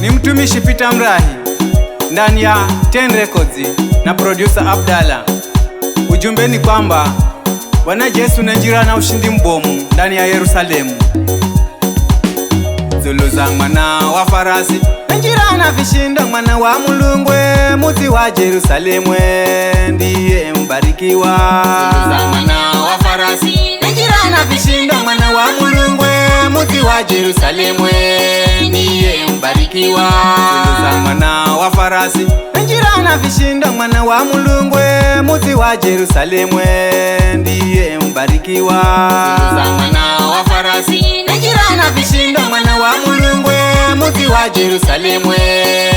Ni mtumishi Peter Mrahi ndani ya Ten Records na producer Abdalla. Ujumbe ni kwamba Bwana Yesu nenjira na ushindi mbomu ndani ya Yerusalemu. Zulu za mwana wa farasi nenjira na vishindo mwana wa mulungwe muzi wa Yerusalemu ndiye mbarikiwa. Zulu za mwana wa farasi vishinda, mwana wa Mulungwe, muti wa Jerusalemwe, niye mbarikiwa. Tuliza mwana wa farasi njira na vishinda, mwana wa Mulungwe, muti wa Jerusalemwe, ndiye mbarikiwa. Tuliza mwana wa farasi njira na vishinda, mwana wa Mulungwe, muti wa Jerusalemwe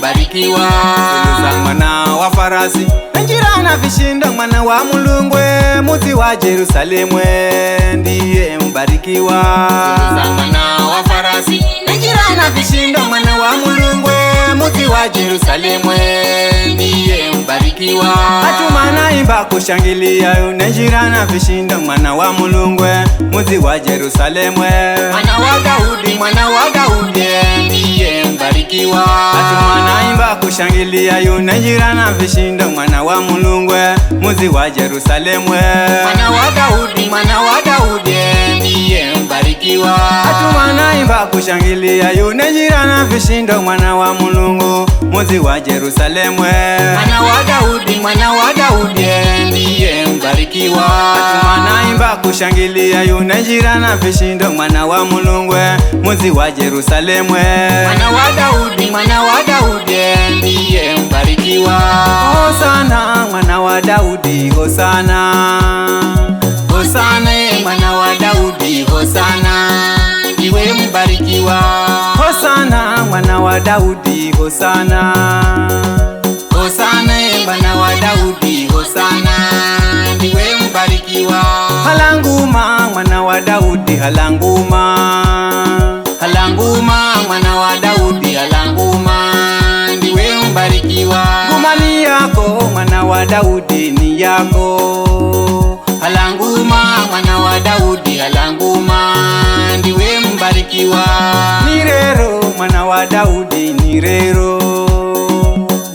barikiwa Sulusa mwana wa farasi njira na vishinda mwana wa mulungwe muzi wa Jerusalemwe ndiye mbarikiwa. Sulusa mwana wa farasi njira na vishinda mwana wa mulungwe muzi wa Jerusalemwe ndiye mbarikiwa. Atumana imba kushangilia njira na vishinda mwana wa mulungwe muzi wa Jerusalemwe mwana wa Daudi mwana wa Daudi kusifiwa. Ati mwana imba kushangilia yuna na vishindo, mwana wa mulungwe muzi wa Jerusalemwe, mwana wa Daudi, mwana wa Daudi eh amebarikiwa. Hatu wanaimba kushangilia yune na vishindo, mwana wa Mulungu, muzi wa Yerusalemu, mwana wa Daudi, mwana wa Daudi ndiye mbarikiwa. Hatu wanaimba kushangilia yune na vishindo, mwana wa Mulungu, muzi wa Yerusalemu, mwana wa Daudi, mwana wa Daudi ndiye mbarikiwa. Hosana mwana wa Daudi, hosana, hosana makofi hosana, iwe mbarikiwa hosana, mwana wa Daudi hosana, hosana mwana wa Daudi hosana, iwe mbarikiwa halanguma, mwana wa Daudi halanguma, halanguma mwana wa Daudi halanguma, iwe mbarikiwa ngumani yako mwana wa Daudi ni yako halanguma mwana dira langu ma ndiwe mubarikiwa nirero mwana wa daudi nirero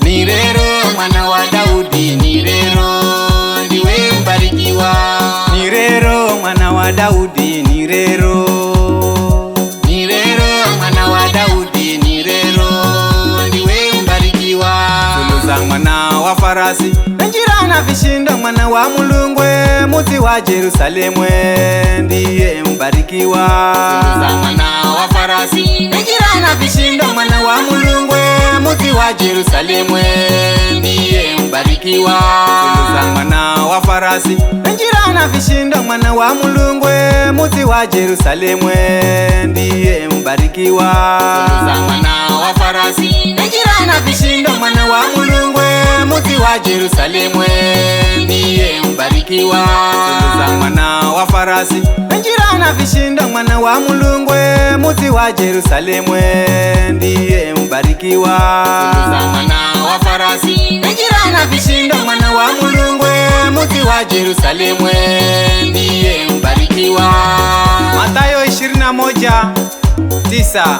nirero mwana wa daudi nirero ndiwe mubarikiwa nirero mwana wa daudi nirero nirero mwana wa daudi nirero ndiwe mubarikiwa zuluza mwana wa farasi enjira na vishinda mwana wa mulungwe Mwamuzi wa Yerusalemu, ndiye mbarikiwa. Mwana wa farasi ni na vishindo, mwana wa Mulungu. Mwamuzi wa Yerusalemu, ndiye mbarikiwa. Mwana wa farasi ni na vishindo, mwana wa Mulungu. Mwamuzi wa Yerusalemu, ndiye mbarikiwa. Mwana wa farasi ni na vishindo, mwana wa Mulungu. Mwamuzi wa Yerusalemu kubarikiwa Tuliza mwana wa farasi njira na vishinda, mwana wa Mulungwe, muzi wa Jerusalemu, ndiye mbarikiwa Tuliza mwana wa farasi njira na vishinda, mwana wa Mulungwe, muzi wa Jerusalemu, ndiye mubarikiwa. Mathayo tisa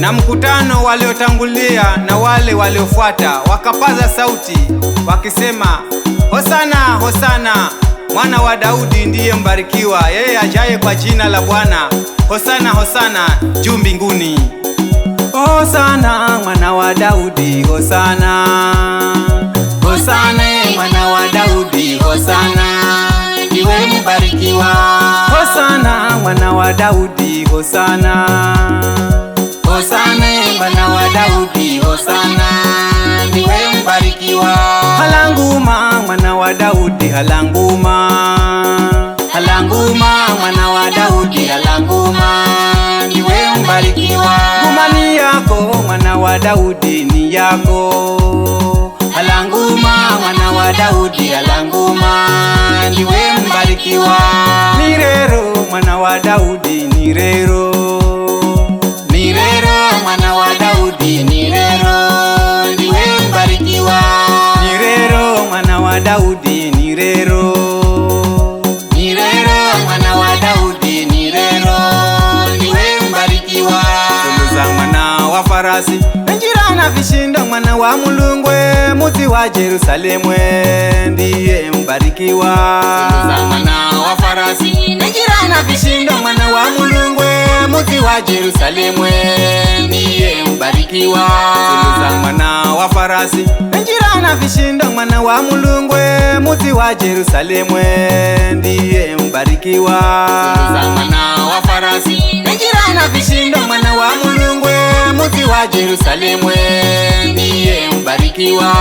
na mkutano waliotangulia na wale waliofuata wakapaza sauti wakisema Hosana, hosana, mwana wa Daudi ndiye mbarikiwa, yeye ajaye kwa jina la Bwana. Hosana, hosana juu mbinguni. Hosana, mwana wa Daudi, hosana. Hosana, mwana wa Daudi, hosana. Iwe mbarikiwa. Hosana, mwana wa Daudi, hosana. Hosana, mwana wa Daudi, hosana. Iwe mbarikiwa. Halanguma mwana wa Daudi, halanguma, halanguma mwana wa Daudi, halanguma, ni wewe mbarikiwa. Nguma ni yako mwana wa Daudi, ni yako. Halanguma mwana wa Daudi, halanguma farasi na vishinda mwana wa mulungwe muzi wa Jerusalemwe ndiye mbarikiwa mwana wa farasi enjirana vishinda mwana wa mulungwe muzi wa Jerusalemwe ndiye mbarikiwa mwana wa farasi enjirana vishinda mwana wa mulungwe muzi wa Jerusalemwe ndiye mbarikiwa mwana wa farasi vishinda mwana wa Yerusalemu, ndiye mbarikiwa.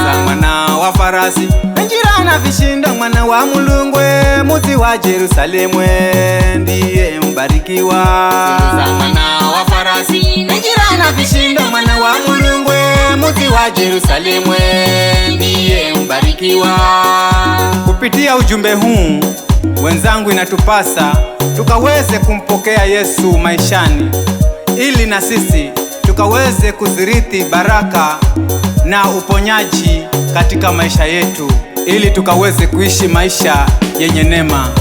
Uza mwana wa farasi enjira na vishinda, mwana wa Mulungwe muzi wa Yerusalemu, ndiye mbarikiwa. Uza mwana wa farasi enjira na vishinda, mwana wa Mulungwe muzi wa Yerusalemu, ndiye mbarikiwa. Kupitia ujumbe huu wenzangu, inatupasa tukaweze kumpokea Yesu maishani ili na sisi tukaweze kuzirithi baraka na uponyaji katika maisha yetu ili tukaweze kuishi maisha yenye neema.